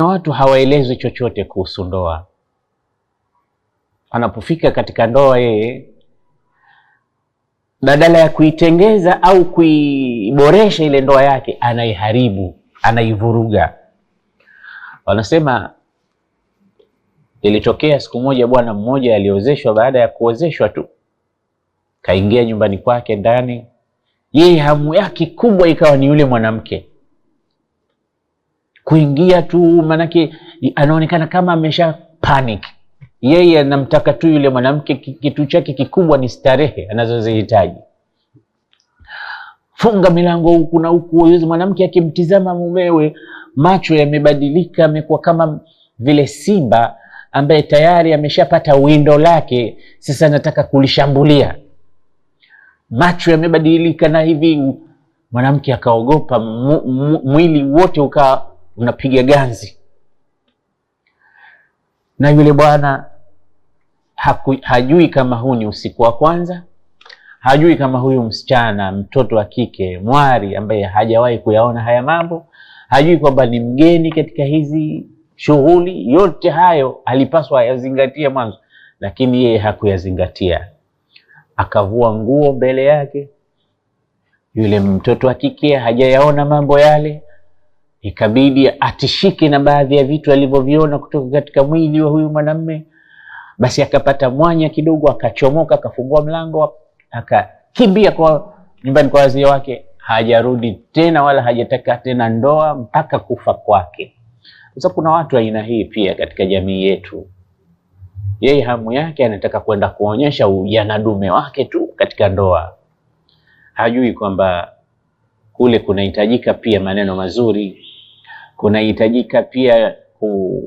na watu hawaelezwi chochote kuhusu ndoa. Anapofika katika ndoa yeye, badala ya kuitengeza au kuiboresha ile ndoa yake, anaiharibu, anaivuruga. Wanasema ilitokea siku moja bwana mmoja aliozeshwa. Baada ya kuozeshwa tu, kaingia nyumbani kwake ndani, yeye hamu yake kubwa ikawa ni yule mwanamke kuingia tu, maanake anaonekana kama amesha panic. Yeye anamtaka tu yule mwanamke, kitu chake kikubwa ni starehe anazozihitaji. Funga milango huku na huku. Yule mwanamke akimtizama mumewe, macho yamebadilika, amekuwa kama vile simba ambaye tayari ameshapata windo lake, sasa anataka kulishambulia. Macho yamebadilika na hivi, mwanamke akaogopa, mwili wote ukaa unapiga ganzi, na yule bwana hajui kama huu ni usiku wa kwanza, hajui kama huyu msichana mtoto wa kike mwari ambaye hajawahi kuyaona haya mambo, hajui kwamba ni mgeni katika hizi shughuli. Yote hayo alipaswa ayazingatie mwanzo, lakini yeye hakuyazingatia, akavua nguo mbele yake. Yule mtoto wa kike hajayaona mambo yale, ikabidi atishike na baadhi ya vitu alivyoviona kutoka katika mwili wa huyu mwanamme. Basi akapata mwanya kidogo, akachomoka, akafungua mlango, akakimbia kwa nyumbani kwa wazee wake. Hajarudi tena wala hajataka tena ndoa mpaka kufa kwake. Sasa kuna watu aina hii pia katika jamii yetu. Yeye hamu yake anataka kwenda kuonyesha ujana dume wake tu katika ndoa, hajui kwamba kule kunahitajika pia maneno mazuri kunahitajika pia ku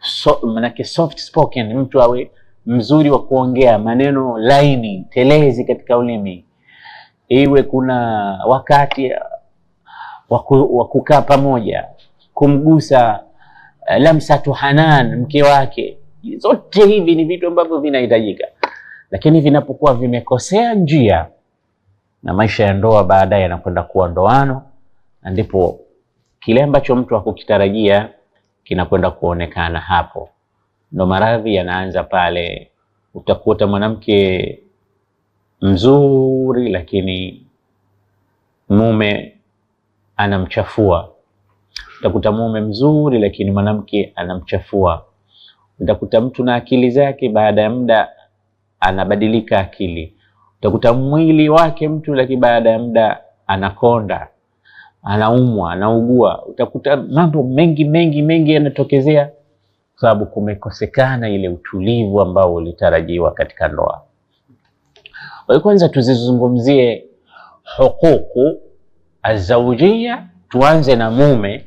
so, manake soft spoken, mtu awe mzuri wa kuongea maneno laini telezi katika ulimi, iwe kuna wakati wa kukaa pamoja, kumgusa eh, lamsatu hanan mke wake. Zote hivi ni vitu ambavyo vinahitajika, lakini vinapokuwa vimekosea njia na maisha ya ndoa baadaye yanakwenda kuwa ndoano, na ndipo kile ambacho mtu hakukitarajia kinakwenda kuonekana hapo. Ndo maradhi yanaanza pale. Utakuta mwanamke mzuri, lakini mume anamchafua. Utakuta mume mzuri, lakini mwanamke anamchafua. Utakuta mtu na akili zake, baada ya muda anabadilika akili. Utakuta mwili wake mtu, lakini baada ya muda anakonda anaumwa, anaugua, utakuta mambo mengi mengi mengi yanatokezea kwa sababu kumekosekana ile utulivu ambao ulitarajiwa katika ndoa. Kwa kwanza tuzizungumzie hukuku azawjia, tuanze na mume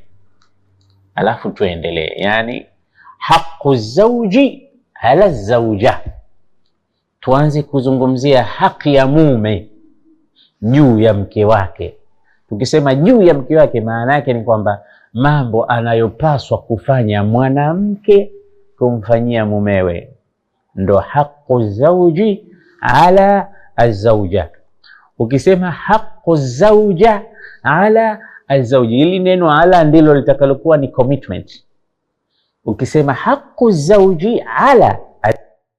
alafu tuendelee, yani haqu zauji ala zauja. Tuanze kuzungumzia haki ya mume juu ya mke wake. Tukisema juu ya mke wake, maana yake ni kwamba mambo anayopaswa kufanya mwanamke kumfanyia mumewe, ndo haqu zauji ala azauja. Ukisema haqu zauja ala azauji, hili neno ala ndilo litakalokuwa ni commitment. Ukisema haqu zauji ala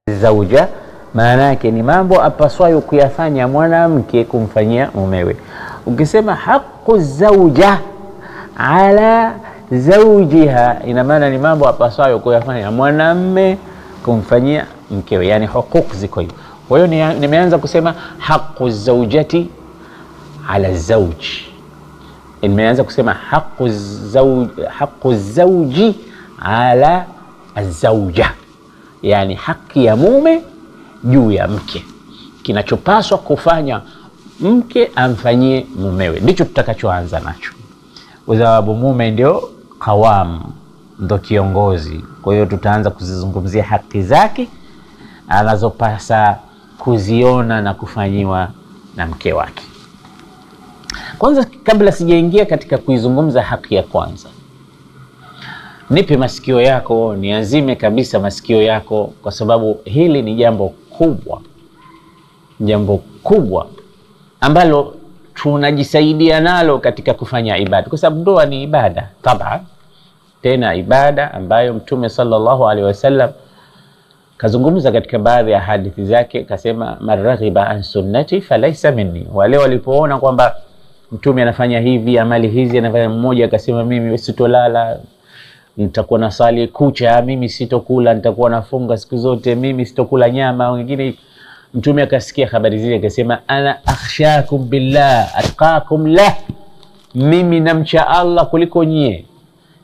azauja, maana yake ni mambo apaswayo kuyafanya mwanamke kumfanyia mumewe. Ukisema haqu zauja ala zaujiha, ina maana ni mambo apasayo kuyafanya mwanamme kumfanyia mkewe, yani huquq ziko hivyo. Kwa hiyo nimeanza kusema haqu zaujati ala zauji, nimeanza kusema haqu zauji, haqu zauji ala azauja, yani haki ya mume juu ya mke, kinachopaswa kufanya mke amfanyie mumewe, ndicho tutakachoanza nacho, kwa sababu mume ndio kawamu, ndo kiongozi. Kwa hiyo tutaanza kuzizungumzia haki zake anazopasa kuziona na kufanyiwa na mke wake. Kwanza, kabla sijaingia katika kuizungumza haki ya kwanza, nipe masikio yako, niazime kabisa masikio yako, kwa sababu hili ni jambo kubwa, jambo kubwa ambalo tunajisaidia nalo katika kufanya ibada, kwa sababu ndoa ni ibada taban, tena ibada ambayo Mtume sallallahu alaihi wasallam kazungumza katika baadhi ya hadithi zake, kasema man raghiba an sunnati falaisa minni. Wale walipoona kwamba Mtume anafanya hivi amali hizi anafanya, mmoja akasema mimi sitolala nitakuwa na sali kucha, mimi sitokula, nitakuwa nafunga siku zote, mimi sitokula nyama, wengine Mtume akasikia habari zile akasema, ana akhshakum billah atqakum lah, mimi namcha Allah kuliko nyie.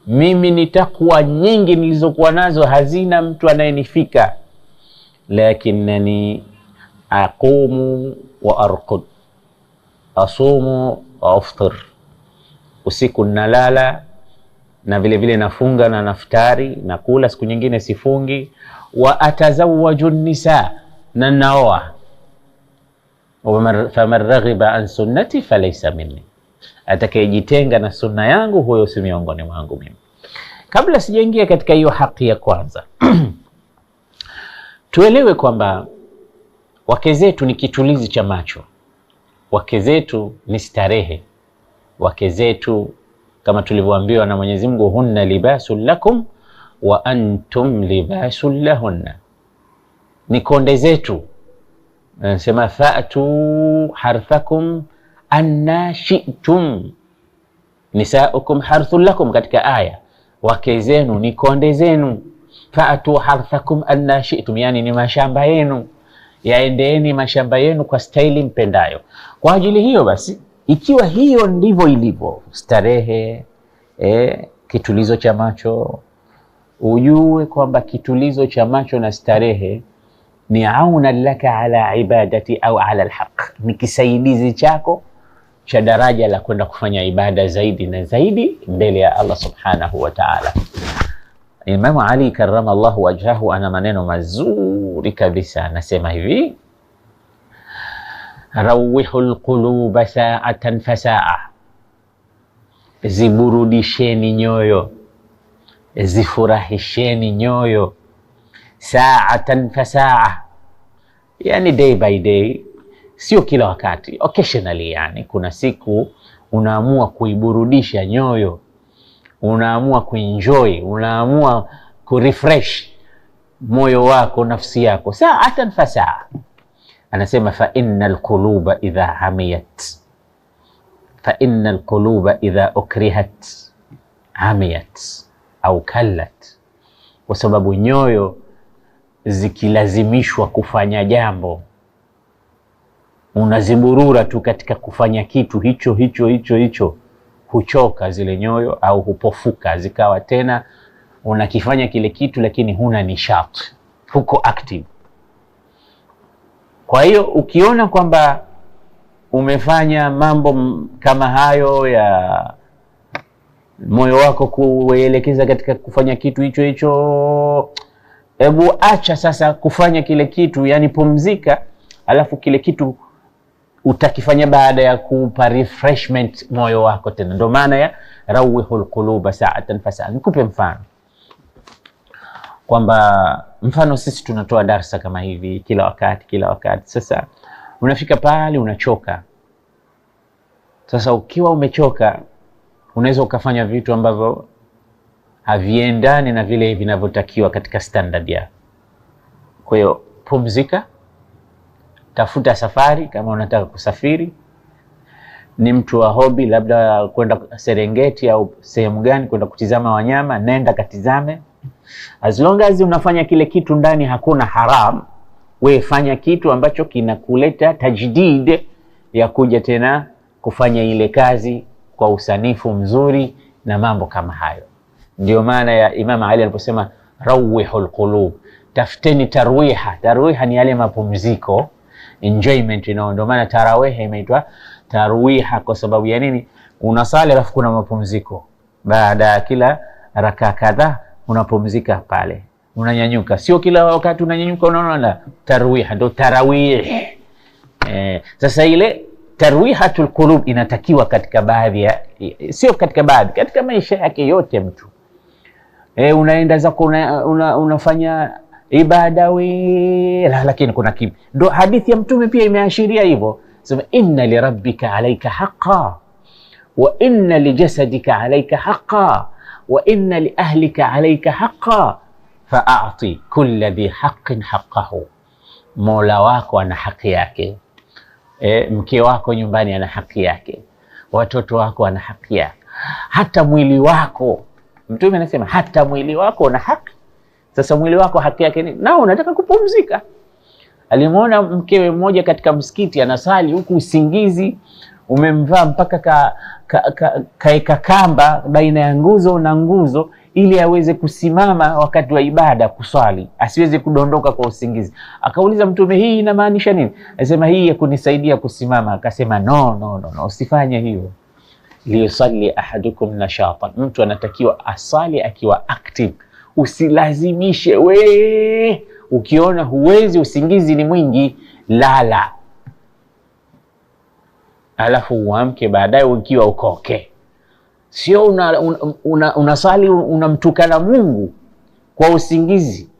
Mimi ni takwa nyingi nilizokuwa nazo hazina mtu anayenifika, lakinnani aqumu wa arqud asumu wa aftir, usiku nalala na vile vile nafunga na naftari na kula, siku nyingine sifungi. Wa atazawaju nisa na faman raghiba an sunnati falaisa minni, atakayejitenga na sunna yangu huyo si miongoni mwangu mimi. Kabla sijaingia katika hiyo haki ya kwanza tuelewe kwamba wake zetu ni kitulizi cha macho, wake zetu ni starehe, wake zetu kama tulivyoambiwa na Mwenyezi Mungu, hunna libasu lakum wa antum libasun lahunna ni konde zetu. Anasema fatu harthakum anna shi'tum nisaukum harthu lakum, katika aya wake zenu ni konde zenu. Fatu harthakum anna shi'tum, yani ni mashamba yenu, yaendeeni mashamba yenu kwa staili mpendayo. Kwa ajili hiyo basi, ikiwa hiyo ndivyo ilivyo starehe eh, kitulizo cha macho, ujue kwamba kitulizo cha macho na starehe ni auna laka ala ibadati au ala alhaq, ni kisaidizi chako cha daraja la kwenda kufanya ibada zaidi na zaidi mbele ya Allah subhanahu wa ta'ala. Imam Ali karamallahu wajhahu ana maneno mazuri kabisa, anasema hivi: rawihu lquluba saatan fasaa, ziburudisheni nyoyo, zifurahisheni nyoyo, saatan fasaa yani day by day, sio kila wakati, occasionally. Yani kuna siku unaamua kuiburudisha nyoyo, unaamua kuenjoy, unaamua kurefresh moyo wako, nafsi yako, saatan fasaa. Anasema fa inna alquluba idha hamiyat, fa inna alquluba idha ukrihat hamiyat au kallat, kwa sababu nyoyo zikilazimishwa kufanya jambo unaziburura tu katika kufanya kitu hicho hicho hicho hicho, huchoka zile nyoyo au hupofuka, zikawa tena unakifanya kile kitu, lakini huna nishat huko active. Kwa hiyo ukiona kwamba umefanya mambo kama hayo ya moyo wako kuelekeza katika kufanya kitu hicho hicho hebu acha sasa kufanya kile kitu, yani pumzika, alafu kile kitu utakifanya baada ya kupa refreshment moyo wako tena. ndo maana ya rawihul quluba sa'atan fasa'an. Nikupe mfano kwamba mfano sisi tunatoa darsa kama hivi kila wakati kila wakati. Sasa unafika pale unachoka. Sasa ukiwa umechoka, unaweza ukafanya vitu ambavyo haviendani na vile vinavyotakiwa katika standard ya. Kwa hiyo pumzika, tafuta safari kama unataka kusafiri. Ni mtu wa hobi, labda kwenda Serengeti au sehemu gani, kwenda kutizama wanyama, nenda katizame. As long as unafanya kile kitu ndani hakuna haram, we fanya kitu ambacho kinakuleta tajdid ya kuja tena kufanya ile kazi kwa usanifu mzuri na mambo kama hayo. Ndio maana ya Imam Ali aliposema rawihu lqulub, tafuteni tarwiha. Tarwiha ni yale mapumziko, enjoyment. you know. Ndio maana tarawehe imeitwa tarwiha kwa sababu ya nini? Unasali alafu kuna mapumziko baada ya kila raka kadhaa, unapumzika pale, unanyanyuka. Sio kila wakati unanyanyuka, unaona la tarwiha, ndio tarawih. Eh, sasa ile tarwihatul qulub inatakiwa katika baadhi ya, sio katika baadhi, katika maisha yake yote mtu e, unaenda zako una, una, unafanya ibada we la, lakini kuna kimya. Ndo hadithi ya Mtume pia imeashiria hivyo, sema inna li rabbika alayka haqqan wa inna li jasadika alayka haqqan wa inna li liahlika alaika haqa faati kulli dhi haqqin haqqahu mola wako ana haki yake e, mke wako nyumbani ana haki yake, watoto wako ana haki yake, hata mwili wako Mtume anasema hata mwili wako una haki. Sasa mwili wako haki yake nini? Nao unataka kupumzika. Alimwona mkewe mmoja katika msikiti anasali huku usingizi umemvaa mpaka ka, ka, ka, kaeka kamba baina ya nguzo na nguzo ili aweze kusimama wakati wa ibada kuswali, asiweze kudondoka kwa usingizi. Akauliza Mtume, hii inamaanisha nini? Anasema hii ya kunisaidia kusimama. Akasema no, no, no, no, usifanye hiyo liusalli ahadukum nashatan, mtu anatakiwa asali akiwa active. Usilazimishe we, ukiona huwezi, usingizi ni mwingi, lala alafu uamke baadaye ukiwa ukoke. Sio unasali una, una unamtukana Mungu kwa usingizi,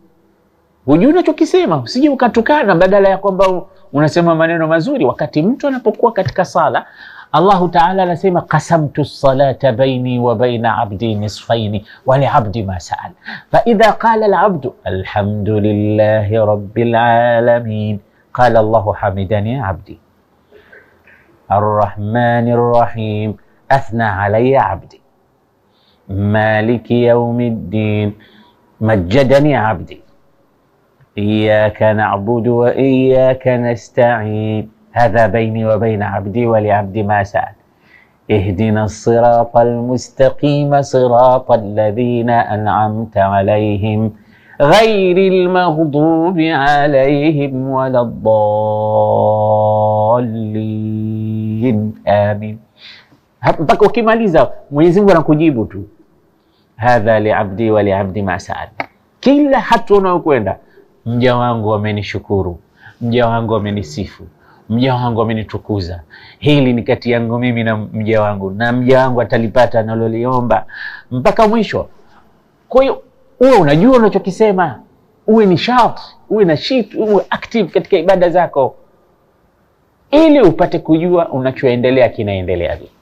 hujui unachokisema, usije ukatukana, badala ya kwamba unasema maneno mazuri. Wakati mtu anapokuwa katika sala الله تعالى anasema قسمت الصلاة بيني وبين عبدي نصفين ولعبدي ما سأل فإذا قال العبد الحمد لله رب العالمين قال الله حمدني عبدي الرحمن الرحيم أثنى علي عبدي مالك يوم الدين مجدني عبدي إياك نعبد وإياك نستعين hadha baini wa baina abdi wa liabdi ma saal ihdina sirata almustaqima sirata alladhina an'amta alayhim ghairi almaghdubi alayhim wala ddallin, amin. Mpaka ukimaliza Mwenyezi Mungu anakujibu tu, hadha liabdi wa liabdi ma saal. Kila hatua unayokwenda mja wangu amenishukuru, mja wangu amenisifu mja wangu amenitukuza. Hili ni kati yangu mimi na mja wangu, na mja wangu atalipata analoliomba mpaka mwisho. Kwa hiyo uwe unajua unachokisema, uwe ni shout, uwe na shit, uwe active katika ibada zako, ili upate kujua unachoendelea vipi.